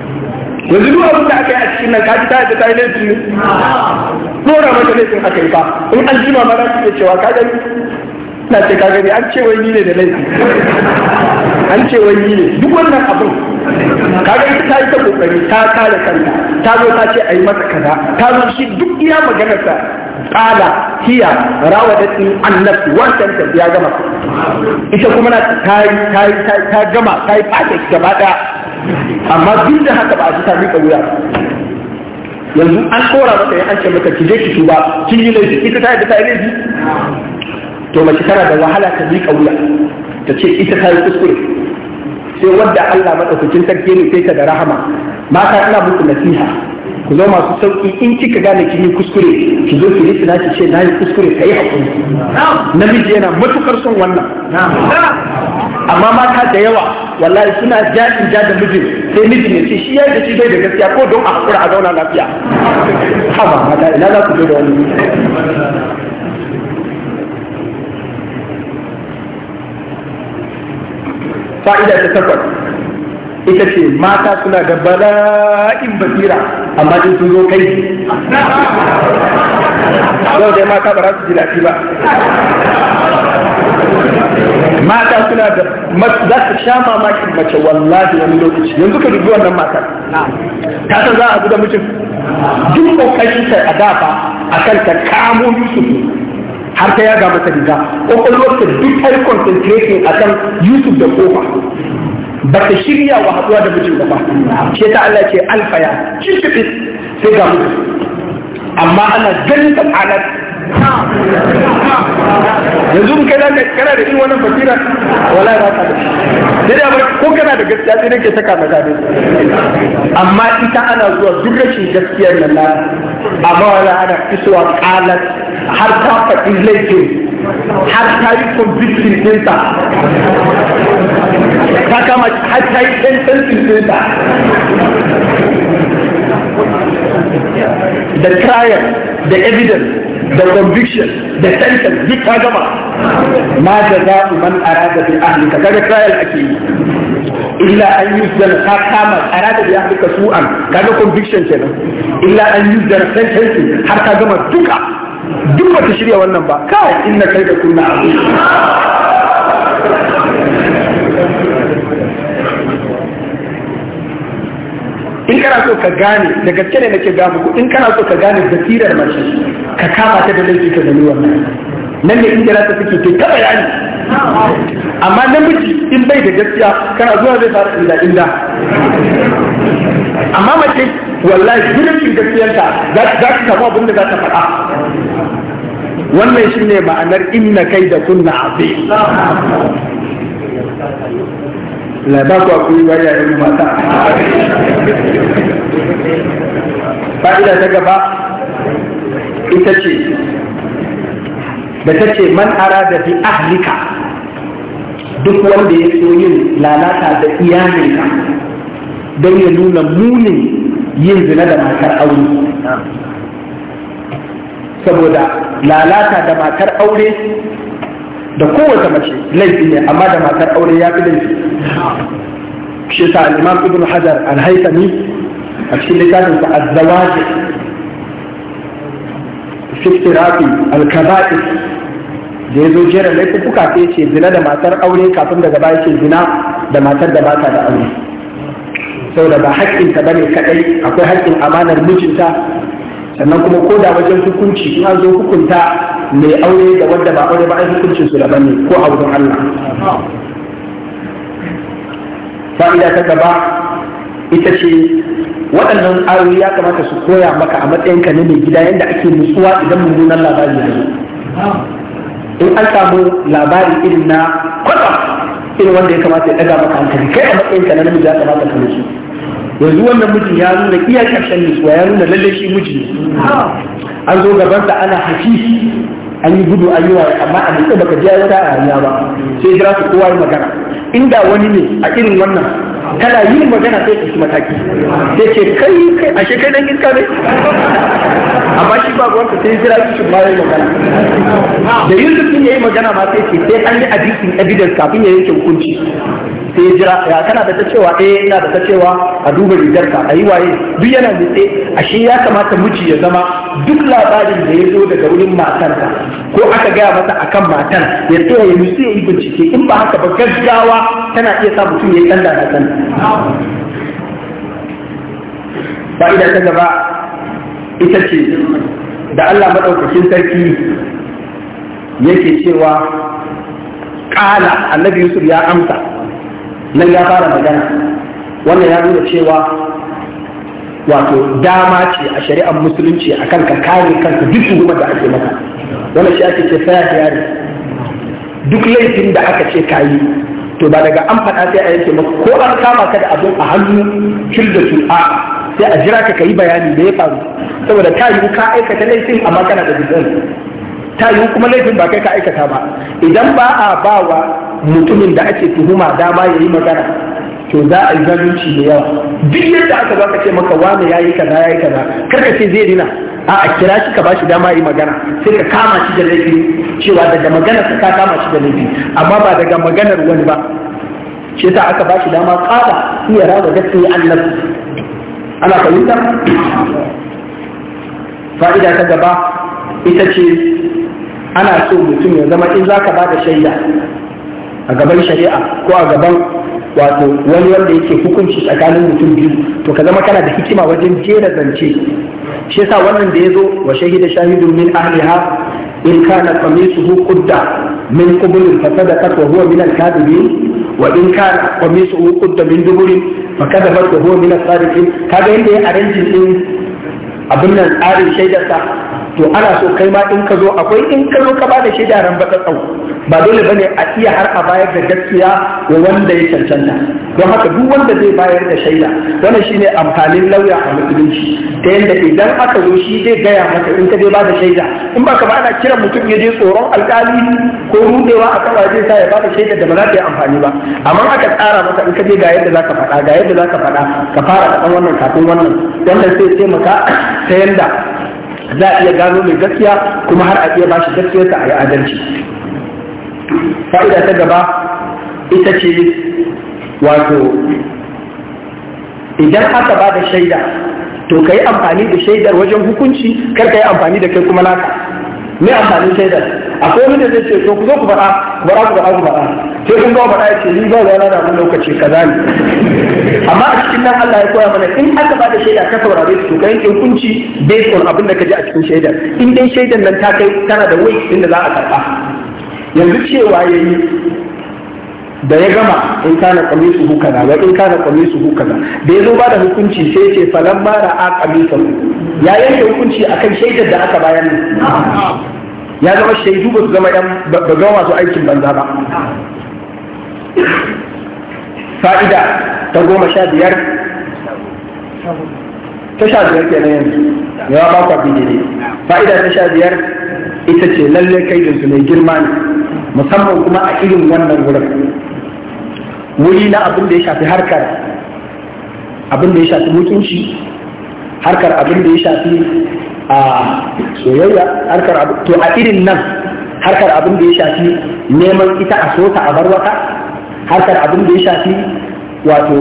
yanzu duk abin da aka yi a cikin nan kaji ta yi ta yi laifi ne dora mata laifin aka yi ba in an jima ma za su iya cewa ka gani na ce ka gani an ce wai ni ne da laifi an ce wani ne duk wannan abin ka gani ta yi ta kokari ta kare kanta ta zo ta ce a yi mata kaza ta zo shi duk iya maganarsa kala hiya rawadatni an nafsi wancan ta ya gama ita kuma na ta yi ta gama ta yi fata gaba daya amma duk da haka ba a ji ta miƙa wuya yanzu an kora maka yin an maka ki je ki tuba kin yi laifi ita ta yi ta yi to mace tana da wahala ta miƙa wuya ta ce ita ta yi kuskure sai wadda Allah madaukakin sarki ne sai ta da rahama mata ina muku nasiha ku zo masu sauki in kika gane kin yi kuskure ki zo ki rikina ki ce na yi kuskure kai hakuri namiji yana matukar son wannan amma mata da yawa wallahi suna jajin ja da mijin sai mijin ya ce shi ya da shi da gaskiya ko don a hakura a zauna lafiya haba mata ina za ku zo da wani fa'ida ta takwas ita ce mata suna da bala'in basira amma in sun zo kai yau dai mata ba za su ji daɗi ba mata suna da za su sha mamakin mace wallahi wani lokaci yanzu ka dubi wannan mata ta san za a da mutum duk kokarin ta a dafa a kan ta kamo Yusuf har ta yaga masa riga kokarin wata duk ai a akan Yusuf da kofa ba ta shirya wa haɗuwa da mijin ba shi ta Allah ce alfaya cikin sai ga mutu amma ana ganin da alat yanzu mun kai zaka kana da irin wannan basira wala ba ka da da ba ko kana da gaskiya sai nake saka maka ne amma ita ana zuwa duk rashin gaskiyar nan na amma wala ana kisuwa alat har ta faɗi laifin har ta yi conviction ɗinta Ka kama har ta yi ɗan ɗan tsinta da trial da evidence da conviction da sentence duk ta gama ma da za ku man arada bi ahlika kaga trial ake yi illa an yi yuzdar ta kama arada bi ahlika su'an kaga conviction kenan illa an yi yuzdar sentence har ta gama duka duk ba shirya wannan ba kai inna kai da kunna abu in kana so ka gane da gaske ne nake gamu ku in kana so ka gane basirar mace ka kama ta da laifi ka gani wannan nan ne inda ta take ke ta bayani amma namiji in bai da gaskiya kana zuwa zai fara inda inda amma mace wallahi gudun gaskiyarta za ta samu abin da za ta faɗa wannan shine ma'anar inna kai da kunna abin la ba ku akwai bari yi mata fa'ida ta gaba ita ce da ta ce man arada bi ahlika duk wanda ya so yin lalata da iyalinka don ya nuna munin yin zina da matar aure saboda lalata da matar aure da kowace mace laifi ne amma da matar aure ya fi laifi shi sa al-imam ibn hajar al-haythami a cikin littafin sa az-zawaj fi tirafi al-kaba'ir da ya zo jera laifuka sai ce zina da matar aure kafin daga baya ce zina da matar da bata da aure saboda ba haƙƙinta ne kaɗai, akwai haƙƙin amanar mijinta sannan kuma ko da wajen hukunci in an zo hukunta mai aure da wadda ba aure ba ai hukuncin su daban ne ko auren wurin Allah fa'ida ta gaba ita ce waɗannan ayoyi ya kamata su koya maka a matsayin ka na mai gida yadda ake nutsuwa idan nuna labari ya zo in an samu labari irin na kwata irin wanda ya kamata ya ɗaga maka hankali kai a matsayin ka na namiji ya kamata ka nutsu yanzu wannan miji ya nuna iya ƙarshen nutsuwa ya nuna lallai shi miji an zo gaban da ana hafi an yi gudu an yi waye amma abin da baka ji ya a hanya ba sai jira su kowa magana inda wani ne a irin wannan tana yin magana sai ɗauki mataki da ke kai kai ashe kai dan iska ne amma shi ba ruwanka sai jira shi ma yayi magana da yin dukkan yayi magana ma sai ce sai an yi adisin evidence kafin ya yanke hukunci sai ya jira ya kana da ta cewa eh ina da ta cewa a duba rigarka a yi waye duk yana nitse ashe ya kamata miji ya zama duk labarin da ya zo daga wurin matarsa ko aka gaya masa akan matan ya tsaya ya nutse ya yi bincike in ba haka ba gaggawa tana iya sa mutum ya yi ɗan da fa'ida ta gaba ita ce da Allah maɗaukakin sarki yake cewa ƙala annabi Yusuf ya amsa nan ya fara magana wannan ya nuna cewa wato dama ce a shari'ar musulunci a kanka kare kanka duk tuhumar da ake maka wannan shi ake ce saya duk laifin da aka ce kayi to ba daga an faɗa sai a yake maka ko an kama ka da abin a hannu kil da a sai a jira ka kai bayani da ya faru saboda ta yiwu ka aikata laifin amma kana da dubban ta yiwu kuma laifin ba kai ka aikata ba idan ba a bawa mutumin da ake tuhuma dama ya yi magana to za a yi zalunci da yawa duk yadda aka ba ce maka wani ya yi kaza ya yi kaza kar ka ce zai dina a a kira shi ka bashi dama yi magana sai ka kama shi da laifi cewa daga magana ka ka kama shi da laifi amma ba daga maganar wani ba shi ta aka bashi dama kada iya rawa gaskiya Allah ana fahimta fa'ida ta gaba ita ce ana so mutum ya zama in za ka ba da shaida a gaban shari'a ko a gaban wato wani wanda yake hukunci tsakanin mutum biyu to ka zama kana da hikima wajen jera zance shi yasa wannan da yazo wa shahida shahidun min ahliha in kana qamisuhu qudda min qubulin fasadaqat wa huwa min al-kadhibin wa in kana qamisuhu qudda min duburin fakadabat wa huwa min as-sadiqin kaga yanda ya arrange din abin nan tsarin shaidarsa to ana so kai ma in ka zo akwai in ka zo ka ba da shaida ran baka tsau ba dole bane a iya har a bayar da gaskiya wa wanda ya cancanta don haka duk wanda zai bayar da shaida wannan shine amfanin lauya a musulunci ta yadda idan aka zo shi zai gaya maka in ka je ba da shaida in ba ka ba ana kiran mutum ya je tsoron alkali ko rudewa a kan zai sa ya ba da shaida da ba za ta yi amfani ba amma aka tsara maka in ka je ga yadda za ka faɗa ga yadda za ka faɗa ka fara faɗan wannan kafin wannan wannan sai taimaka ta yanda za a iya gano mai gaskiya kuma har a iya ba shi gaskiyarsa a yi adalci fa'ida ta gaba ita ce wato idan aka ba da shaida to ka yi amfani da shaidar wajen hukunci kar ka yi amfani da kai kuma naka me amfanin shaidar akwai wani da zai ce to ku zo ku faɗa ku faɗa ku faɗa ku faɗa sai kun ga faɗa ya ce ni ba zana da mun lokaci kaza ne amma a cikin nan Allah ya koya mana in aka ba da shaida ka saurare su ka yanke hukunci based on abin da ka ji a cikin shaidar in dai shaidar nan ta kai tana da wai din da za a karɓa yanzu cewa yayi da ya gama in kana kamisu hu wa in kana kamisu hu da ya zo ba da hukunci sai ce falan ma ra'a kamisan ya yanke hukunci akan shaidar da aka bayar ne ya zama shaidu ba su zama yan ba zama masu aikin banza ba fa'ida ta goma sha biyar ta sha biyar ke nan yanzu yawa ba kwa bi daidai fa'ida ta sha biyar ita ce lalle kai da su mai girma ne musamman kuma a irin wannan wurin wuri na abin da ya shafi harkar abin da ya shafi mutunci harkar abin da ya shafi a soyayya harkar to a irin nan harkar abin da ya shafi neman ita a sota a barwata harkar abin da ya shafi wato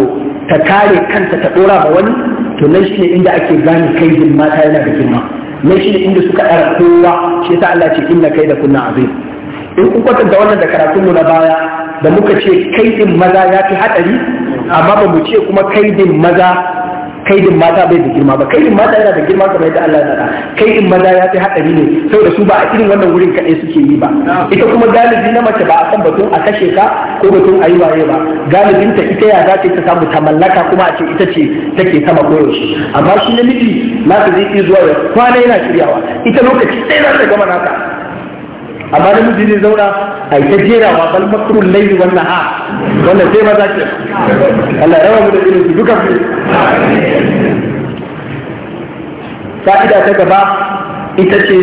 ta kare kanta ta dora ba wani to nan ne inda ake gane kai din mata yana da girma nan ne inda suka ɗara kowa shi yasa Allah ce inna kai da kunna azim in kun kwatanta wannan da karatun mu na baya da muka ce kai din maza ya fi hadari amma ba mu ce kuma kai din maza kaidin mata bai da girma ba kaidin mata yana da girma kamar yadda Allah ya faɗa kaidin maza ya fi haɗari ne da su ba a irin wannan wurin kaɗai suke yi ba ita kuma galibi na mace ba a san batun a kashe ka ko batun a yi waye ba galibin ta ita ya zata ta ta samu ta mallaka kuma a ce ita ce take sama koyaushe amma shi namiji na ka zai iya zuwa kwana yana shiryawa ita lokaci sai za ta gama nata amma namiji zai zauna ai ta jera wa bal makrul wannan wan nahar wannan sai maza ce Allah rawa mu da irin su duka su fa'ida ta gaba ita ce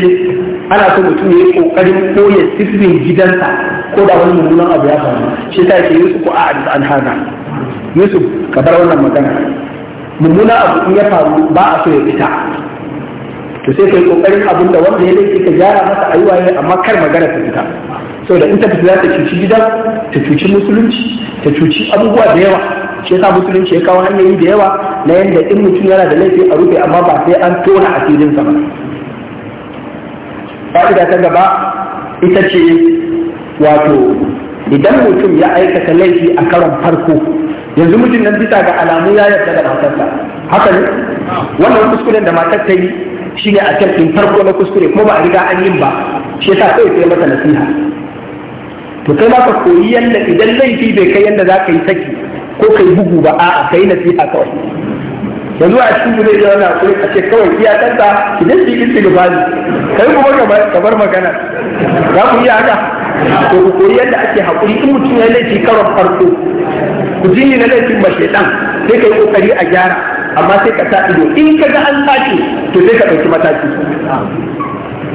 ana so mutum ya yi kokarin koya sirrin gidansa ko da wani mummunan abu ya faru shi ta ke yusuf ko a'ad an hana yusuf ka bar wannan magana mummunan abu in ya faru ba a so ya fita to sai kai kokarin abin da wanda ya laifi ka gyara masa ne amma kar magana ta fita saboda in ta tafi za ta cuci gida ta cuci musulunci ta cuci abubuwa da yawa shi yasa musulunci ya kawo hanyoyi da yawa na yadda in mutum yana da laifi a rufe amma ba sai an tona a filin ba fa'ida ta gaba ita ce wato idan mutum ya aikata laifi a karon farko yanzu mutum nan bisa ga alamu ya yarda da matarsa haka ne wannan kuskuren da matar ta yi shine a cikin farko na kuskure kuma ba a riga an yi ba shi yasa kai sai masa nasiha to kai za ka koyi yadda idan laifi bai kai yadda za ka yi saki ko kai bugu ba a'a kai na nasiha kawai yanzu a cikin zai zama na kuri a ce kawai iya tanta ki dace ki ci gaba kai kuma ka bar magana za ku iya haka to ku koyi yadda ake haƙuri in mutum ya laifi karon farko ku jini na laifin ba ɗan, sai ka yi ƙoƙari a gyara amma sai ka sa ido in ka ga an sace to sai ka ɗauki mataki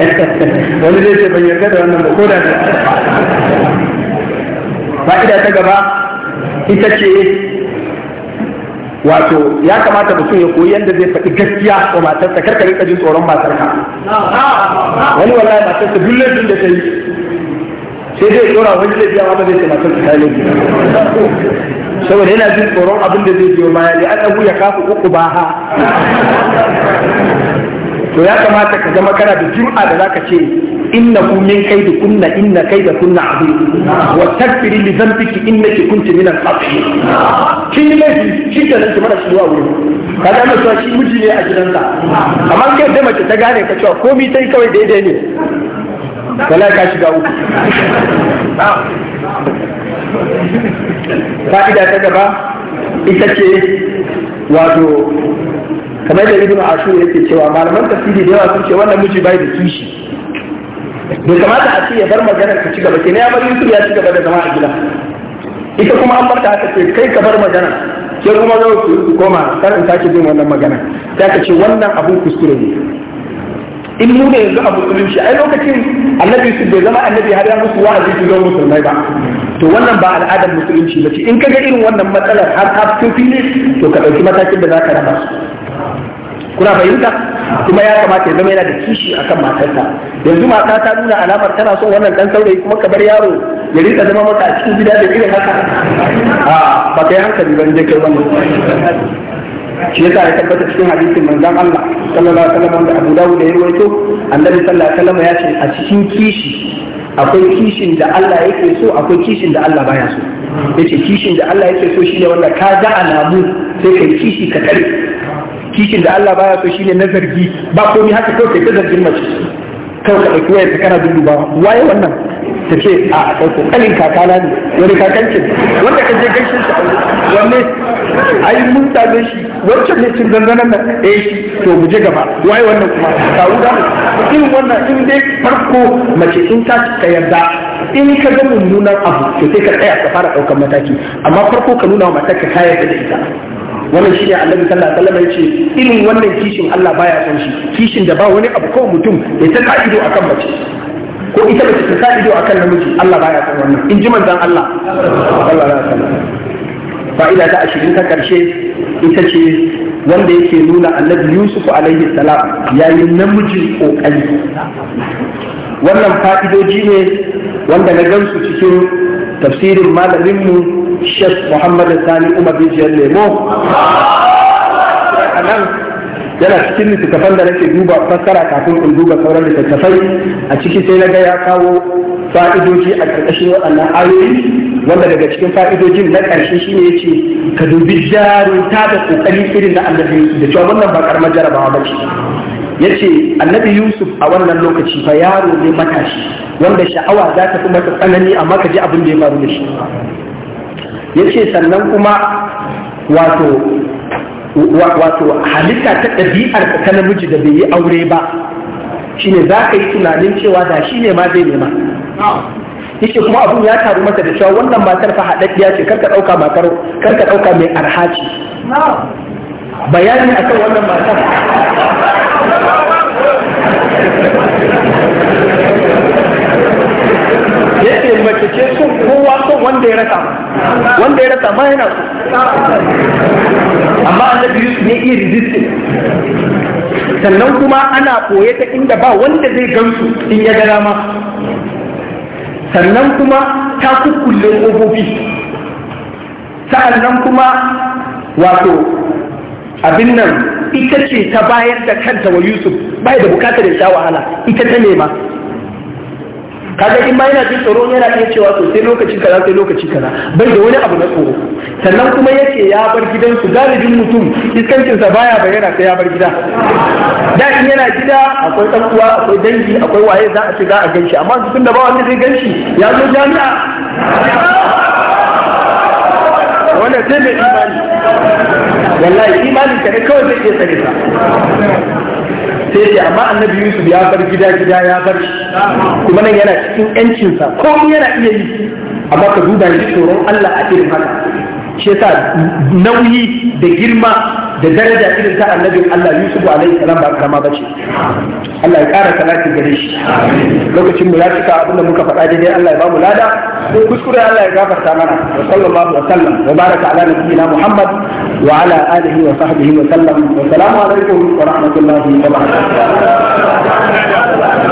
[LAUGHS] wani zai ce ban yarda da wannan ba ko da fa'ida ta gaba ita ce wato ya kamata mutum ya koyi yadda zai faɗi gaskiya wa matarsa karka rika jin tsoron matarka wani wallahi matarsa duk laifin da ta yi sai zai tsora wani zai biya wanda zai ce matarsa ta laifi saboda yana jin tsoron abin da zai biyo baya ne an ya kafa uku ba ha to ya kamata ka zama kana da jim'a da za ka ce kunna, إنه من كيد كنا إن كيد كنا عظيم واستغفري ki إنك كنت من الخاطئين kin laifi shi ke nan kimar shi wawo ka ga mutuwa shi miji ne a gidan gidansa amma kai da mace ta gane ka cewa komai sai kawai daidai ne wala ka shiga uku fa'ida ta gaba ita ce wato kamar da ibnu ashur yake cewa malaman tafsiri da yawa sun ce wannan miji bai da kishi bai kamata a ce ya bar maganar ka ci gaba ke ne ya bar yusuf ya ci gaba da zama a gida ita kuma an barta haka ce kai ka bar magana ke kuma zo ku koma kar in sake jin wannan magana ta ka ce wannan abun kuskure ne in mu ne yanzu abu tsulun shi ai lokacin annabi su bai zama annabi har ya musu wa'azi su zama musulmai ba to wannan ba al'adar musulunci ba ce in ka ga irin wannan matsalar har ka fito fili to ka ɗauki matakin da za ka raba su kuna fahimta kuma ya kamata ya zama yana da kishi akan matarsa yanzu mata ta nuna alamar tana son wannan dan saurayi kuma ka bar yaro ya rika zama maka a cikin gida da irin haka a ba kai hankali ban je kai wannan shi yasa ya tabbata cikin hadisin manzon Allah sallallahu alaihi wasallam da Abu Dawud da ya rawaito annabi sallallahu alaihi wasallam ya ce a cikin kishi akwai kishin da Allah yake so akwai kishin da Allah baya so yace kishin da Allah yake so shine wanda ka ga alamu sai kai kishi ka kare kishin da Allah baya so shine na zargi ba komai haka kawai kai ta zargin mace kawai ka ɗauki wayarta kana duduba waye wannan ta ce a ɗauko ƙalin kakana ne wani kakancin wanda ka je gaishin sa wanne ai mun same shi wancan ne cin zanzanan nan ɗaya eh, shi to mu je gaba waye wannan kuma kawu da in wannan in dai farko mace in ta ka yarda in ka ga mummunan abu to sai ka tsaya ka fara ɗaukar mataki amma farko ka nuna wa mata ka kayar da ita wannan shi ne annabi sallallahu alaihi wasallam ce, irin wannan kishin Allah baya son shi kishin da ba wani abu kawai mutum ya ta a akan mace ko ita mace ta a akan namiji Allah baya son wannan in ji manzon Allah sallallahu alaihi wasallam fa'ida ta ashirin ta karshe ita ce wanda yake nuna annabi Yusuf alaihi salam yayin namiji kokari wannan fa'idoji ne wanda na gamsu cikin tafsirin malaminmu Sheikh Muhammad Sani Umar Jiyar Lemo. A nan yana cikin littattafan da nake duba fassara kafin in duba sauran littattafai a ciki sai na ga ya kawo fa'idoji a ƙarƙashin waɗannan ayoyi wanda daga cikin fa'idojin na ƙarshe shi ne yace ce ka dubi jarunta da ƙoƙari irin na annabi da cewa wannan ba ƙaramar jarabawa ba ce. ya annabi yusuf a wannan lokaci fa yaro ne matashi wanda sha'awa za ta fi masa tsanani amma ka ji abin da ya faru da shi Ya ce sannan kuma wato wato halitta ta ɗabi'ar ta namiji da bai yi aure ba shine za ka yi tunanin cewa da shi ne ma zai nema yake kuma abun ya taru masa da cewa wannan matar fa haɗaɗɗiya ce karka ɗauka matar karka ɗauka mai arha ce bayani akan wannan matar yake mace ce wanda ya rasa wanda ya rasa ma yana amma Yusuf ne iya sannan kuma ana koye ta inda ba wanda zai gansu in ya gara ma sannan kuma ta kukkulle ƙofofi sa'annan kuma wato abin nan ita ce ta bayar da kanta wa Yusuf bai da bukatar ya sha wahala ita ta nema kaga in ma yana jin tsoro yana iya cewa to sai lokaci kaza sai lokaci kaza bai da wani abu na tsoro sannan kuma yake ya bar gidansu galibin mutum iskancinsa baya bayyana sai ya bar gida da in yana gida akwai dan uwa akwai dangi akwai waye za a ce za a ganshi amma tun da ba wani zai ganshi ya zo jami'a wannan sai mai imani wallahi imanin ka ne kawai zai iya tsare ka sai ce amma annabi yusuf ya bar gida gida ya bar shi. kuma nan yana cikin yancinsa ko yana iya yi amma ka duba shi tsoron allah a irin haka shi yasa nauyi da girma da daraja irin ta annabin Allah Yusuf alaihi salam ba karama bace Allah ya kara salati gare shi lokacin mu ya cika abin da muka faɗa daidai Allah ya ba mu lada kuskure Allah ya gafarta mana wa sallallahu wa sallam wa baraka ala nabiyyina Muhammad wa ala alihi wa sahbihi wa sallam wa salamu alaikum wa rahmatullahi wa barakatuh